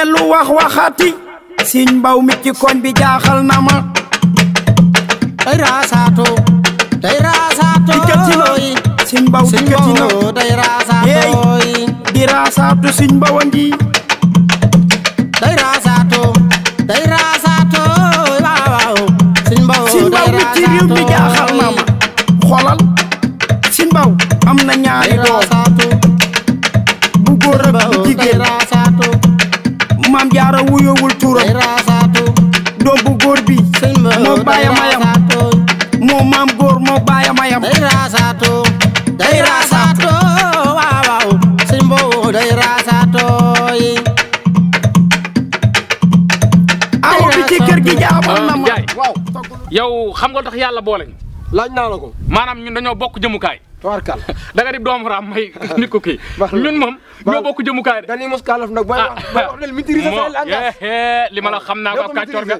dellu wax waxati siñ mbaw mi ci koñ bi jaaxal na ma day raasaato day raasaato yi siñ mbaw dikkati na day raasaato yi di raasaato siñ mbaw a ngi baayam maam góor moog baayam day raasaato day raasaato waaw waaw sëñ day raasaato yi bi ci kër gi jaamoon ah, xam nga tax yàlla boole laaj naa ko maanaam ñun dañoo bokk jëmukaay tubaarkàlla da nga di doomu raam may nit ku kii. ñun moom ñoo bokk jëmukaay de. mos kàllaf nag booy wax ah, booy wax ah. li ma la ah, xam naa ko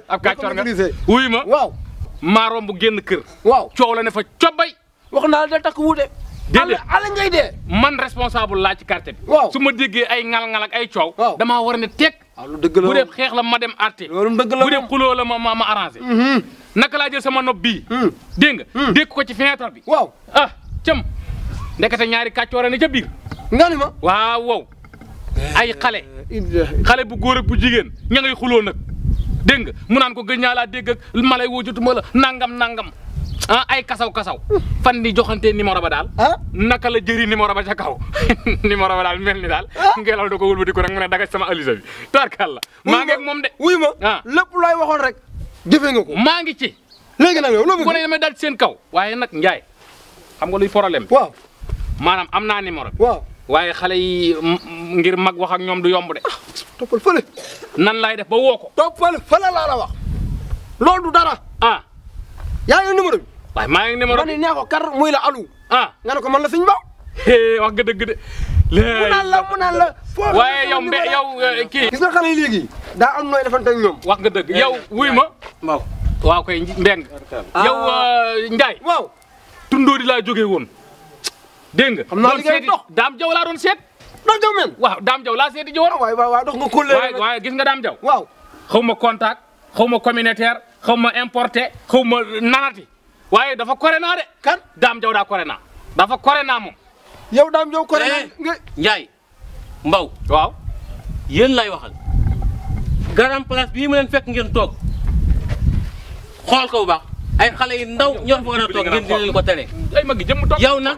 ab kàccoor nga ma waaw. maaroom bu génn kër. coow la ne fa cobbay. wax naa la da takk wuute. déedéet ala ngay dee. man responsable laa ci quartier bi. waaw su ma déggee ay ngal-ngal ay coow. waaw damaa war ne teg. lu dëgg la bu dee xeex la ma dem arté. loolu dëgg la bu dee xuloo la ma ma mhm. naka laa jël sama nopp bii. Hmm. dégg nga. Hmm. ko ci fenêtre bi. cëm ndekete ñaari kàccoor a ca biir. nga ma waaw wow. ay xale eh, xale bu góor ak bu jigéen ña ngay xuloo nag nga mu naan ko gëj naa laa dégg ak malay woo jotuma la nangam nangam ah ay kasaw kasaw fan di joxante numéro ba daal. Ah? naka la jëri numéro ba ca kaw numéro daal mel ni daal. Ah? ngelaw da ko wëlbati ko nag mu ne dagaj sama alisa bi tarkal la. maa de wuy ma ah lépp looy waxoon rek. jëfee nga ko maa ngi ci. léegi nag yow ne damay daal ci seen kaw waaye nag Ndiaye. xam nga luy problème bi. waaw maanaam am naa numéro bi. waaye xale yi ngir mag wax ñoom du yomb de. Ah, toppal fële. nan laay def ba woo toppal fële laa loolu du dara. ah. yaa ngi numéro bi. waaye maa ngi numéro bi ma ne kar muy la alu. ah nga ne ko man la suñ ba. wax nga dëgg de. léegi waaye yow mbe eh, daa am nooy defante ak ñoom. wax nga dëgg yow wuy ma. waaw koy Mbeng. Ah. yow euh, Ndiaye tundoo di laa jógee woon dégg xam naa li ngay dox daam jaw laa doon seet. dox jaw men waaw daam jaw laa seeti ji ah, waaw dox nga kóllëre waaye gis nga daam jaw. waaw xaw ma contact xaw ma communautaire xaw ma importe xaw ma nanati waaye dafa corona de. kan daam jaw daa corona dafa corona moom. yow daam jaw corona eh, nga. Mbaw. waaw yéen lay waxal. garam place bii mu fekk ngeen toog xool ko baax. ay xale yu ndaw ñoo fa war a toog ngeen di leen ko tere. ay mag yi jëm yow nag.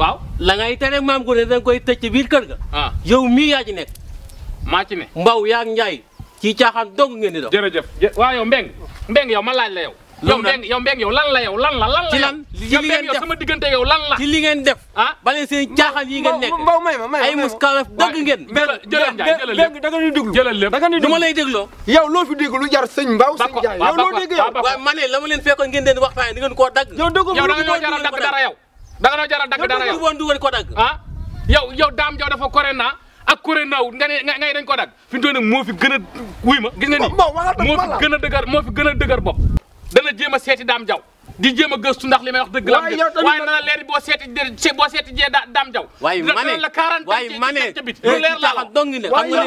waaw la ngay tere maam Gune da nga koy tëj ci biir kër ga. Ah. yow mii yaa ci nekk. maa ci ne. Mbaw yaa ak Njaay ci caaxaan dong ngeen di dox. jërëjëf jë waaw yow Mbeng ma laaj la yow yow Mbengue yow Mbengue yow lan la yow lan la lan la. ci lan ci li ngeen def sama diggante yow lan la. ci li ngeen def. ah ba leen seen caaxaan yi ngeen nekk mbaw may ma may ma ay muskaalaf dëgg ngeen. jëlal jaay jëlal lépp da nga ñuy déglu jëlal lépp da nga ñuy déglu du ma lay dégloo. yow loo fi dégg lu jar sëñ mbaaw sëñ jaay yow loo dégg yow. waaye ma ne la ma leen fekkoon ngeen den waxtaan di ngeen koo dagg. yow dëgg yow da nga ñoo jaral dagg dara yow. da nga ñoo jaral dagg dara yow du ngeen ko dagg. ah yow yow daam jaw dafa kore naa ak kuré naaw nga ne nga dañ ko dagg fi mu toll nii moo fi gën a wuy ma gis nga ni moo fi gën a dëgër moo fi gën a dëgër bopp dana jéem a seeti daam jaw di jéem a gëstu ndax li may wax dëgg la waaye dana leer boo seeti boo seeti jee daam jaw waaye ma ne la quarante waaye ma ne cabit lu leer la la dong ne xam nga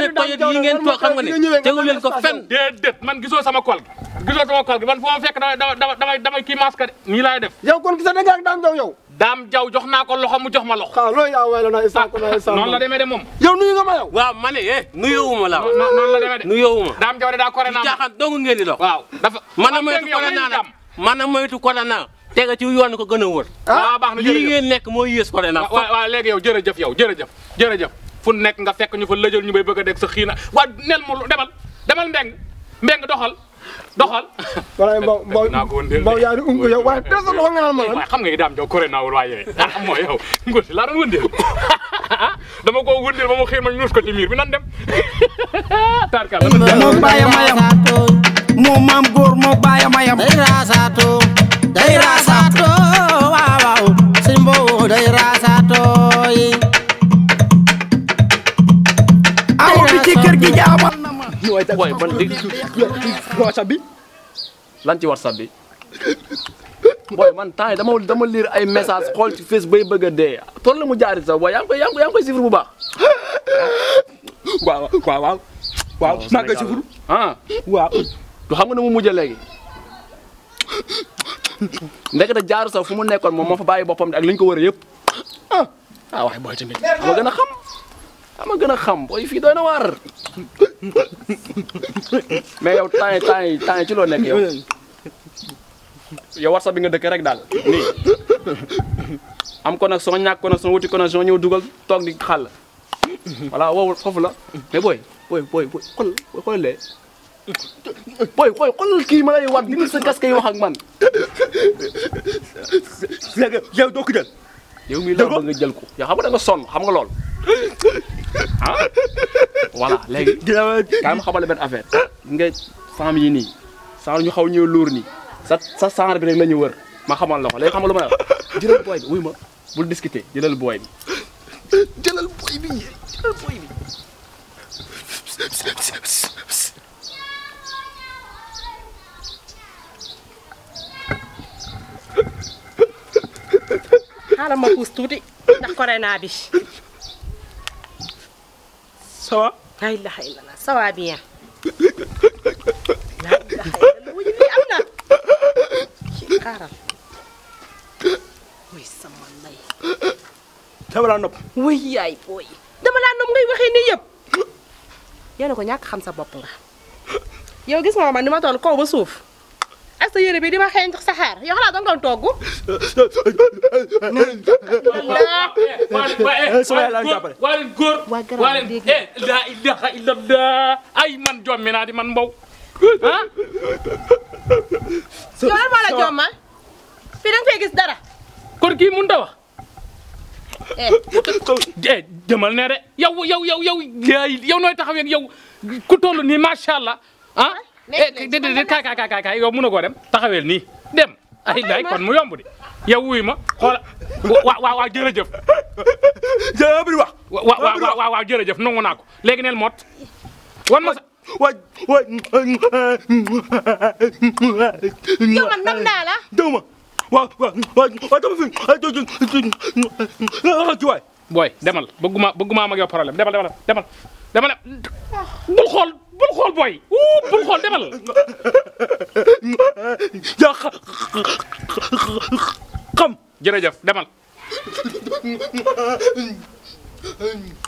ne xam ngeen toog xam nga ne tegu leen ko fenn déedéet man gisoo sama kol gisoo sama kol man foo ma fekk damay damay damay damay kii masque nii def yow kon gisa da nga ak daam jaw jox naa ko loxo mu jox ma loxo. waaw loolu yaa waay la ah, noonu la demee de moom. yow nuyu nga ma yow. waaw ma ne eh nuyuwuma la. noonu la demee de nuyuwuma. daam jaw de daa kore naa ma jaaxal dong ngeen di dox. waaw dafa mën a moytu kore naa la mën a moytu kore naa tega ci yoon ko gën a wër. ah, ah baax na jërëjëf lii ngeen nekk moo yées kore naa. waaw waaw léegi yow jërëjëf yow jërëjëf jërëjëf fu nekk nga fekk ñu fa lëjël ñu bay bëgg a dégg sa xiina waa nel mu demal demal mbeng mbeng doxal doxal. walaay Mbow Mbow Mbow yaa di ungu yow waaye dara sa loxo nga naan ma lan. waaye xam nga itam yow kore naawul waaye yow ah mooy yow Ngouti laa doon wëndeel dama ko wëndeel ba mu xëy ma ñuus ko ci miir bi nan dem. tarkal moom ma yam moo maam góor moo bàyyi ma yam. booy man dégg WhatsApp bi lan ci WhatsApp bi booy man temps yi dama dama lire ay message xool ci face bay bëgg a dee tool la mu jaari sax booy yaa ngi koy yaa ngi koy sifir bu baax waaw waaw waaw waaw naa oh, koy sifir ah waaw du xam nga ne mu mujj léegi ndekete jaaru sax fu mu nekkoon moom moo fa bàyyi boppam de ak li ñu ko wër yëpp ah, ah waaye booy tamit ma gën a xam ama gën a xam booy fii doy na waar mais yow temps yi temps yi ci loo nekk yow yow WhatsApp bi nga dëkk rek daal nii am connexion ñàkk connexion wuti connexion ñëw dugal toog di xàll voilà wow foofu la mais booy booy booy booy xool xool lee kii ma lay wat di sa casque yi wax ak man yow doo ko jël yow mii la nga jël ko yow xam nga da nga xam nga lool ah voilà léegi. kaay ma xamal benn affaire nga saam yi nii saar ñu xaw ñëw luur nii sa sa saar bi rek la ñu ma xamal la ko léegi xamal lu ma wax jëlal booy bi wuy ma bul discuter jëlal booy bi. jëlal booy bi jëlal ma puus tuuti ndax corona bi. ça va. la ilaha illallah ça va bien. la ilaha illallah wuyu bi am na. xaaral. wuy sama lay. dama laa nopp. wuy yaay booy. dama laa nopp ngay waxee nii yëpp. yéen a ko ñàkk xam sa bopp nga. yow gis nga ma man ni ma toll kaw ba suuf. sa yére bi di ma xeeñ saxaar yow xanaa doon doon togg. waa góor waa laa ilaaha illallah ay man jommi man mbow. ah. yow jomma fii dara. kon kii mënut a wax. eh demal ne de yow yow yow yow yow taxaw yow ku toll nii macha allah ah. Eh, léegi léegi kaay kaay kaay kaay yow mën na koo dem taxaweel nii dem. ay lay kon mu yomb di yow wuy ma xoola waaw waaw jërëjëf. jërëjëf bi wax. waaw waaw waaw jërëjëf naa ko léegi neel mot. wan ma sa waay waay. yow man nam naa la. déglu ma waaw waaw waaw dama fi waay. booy demal bëgguma bëgguma am ak yow demal demal demal demal ah. bul xool booy wuu bul xool demal. yaa xam jërëjëf demal.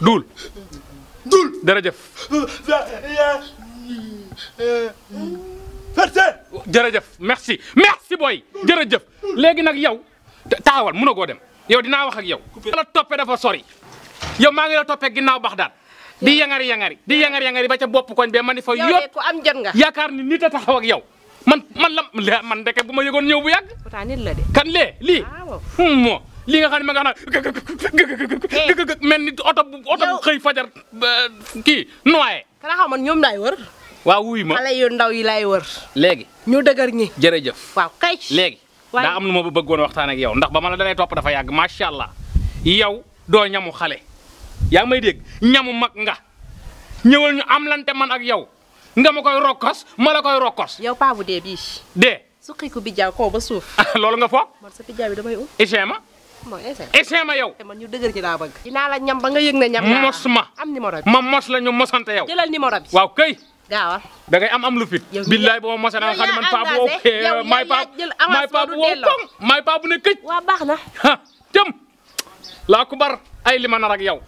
duul. duul jërëjëf. jërëjëf merci merci booy jërëjëf léegi nag yow taxawal mënagoo dem yow dinaa wax ak yow. la toppee dafa sori yow maa ngi la toppee ginnaaw bax daal. di yangari yangari di yangari ba ca bopp koñ bee ma ni fa yóbbu am jot nga yaakaar ni nit a taxaw ak yow man man la man deke bu ma yëgoon ñëw bu yàgg. pourtant la de. kan lee lii. Ah, hmm, moo lii nga xam ne ma nga xam ne mel ni oto bu oto bu xëy fajar kii noyé. kana xam man ñoom laay wër. waaw wuy ma xale ndaw yi laay wër. léegi ñu dëgër ñi. jërëjëf waaw kay. léegi daa am nu ma bëggoon waxtaan ak yow ndax ba ma la dalay topp dafa yàgg macha allah yow doo ñamu xale. yaa may dégg ñamu mag nga ñëwal ñu am lante man ak yow nga ma koy rokkos ma la koy rokkos. yow paa bu dee bii. dee. suqiku bi jaaw kaw ba suuf. loolu nga foog. man sa bijaaw bi damay um. Ichema. yow. Eh, man ñu dëgër ci laa bëgg. dinaa la ñam ba nga yëg ne ñam. mos ma am numéro bi. ma mos la ñu mosante yow. jëlal numéro waaw kay. gaawal da am am lu fit. yow billaay boo mose na nga xam ne man paa bu wow. yow may paa may paa bu ne këj. waaw baax na. jëm laa ko ay li ma nar ak yow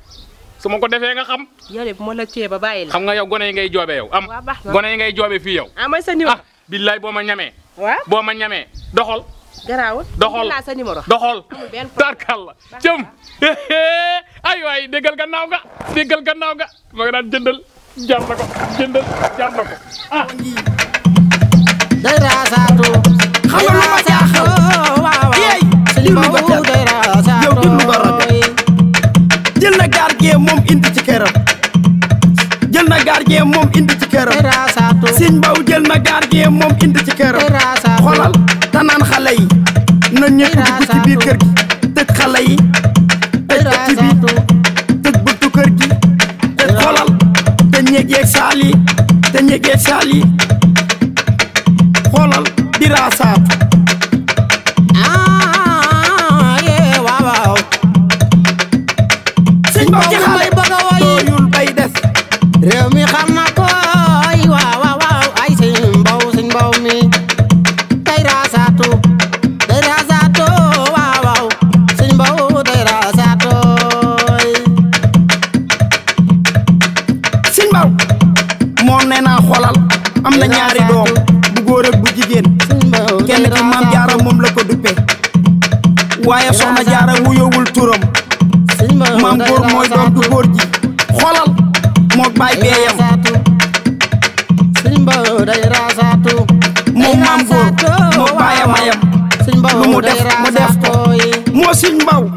su ma ko defee nga xam. yow de bu la téye ba bàyyi xam nga yow gone yi ngay joobe yow. am gone yi ngay joobe fii yow. ah mooy sa numéro ah billaay boo ma ñamee. waaw boo ma ñamee doxal. garaawul doxal laa sa numéro doxal tarkal la cëm ay waay déggal gannaaw nga déggal gannaaw nga ma nga daan jëndal jar na ko jëndal jar na ko ah bien moom indi ci këram xolal danaan xale yi na ñëpp dugg ci biir kër gi tëj xale yi tëj biir tëj bëttu kër gi tëj xolal te ñeeg yeeg saal yi te ñeeg yeeg saal yi waaye soxna jaara wuyowul turam maam góor mooy doom du góor xolal moo baay beeyam moom maam góor moo baayam lu mu def mu def ko moo siñ mbaw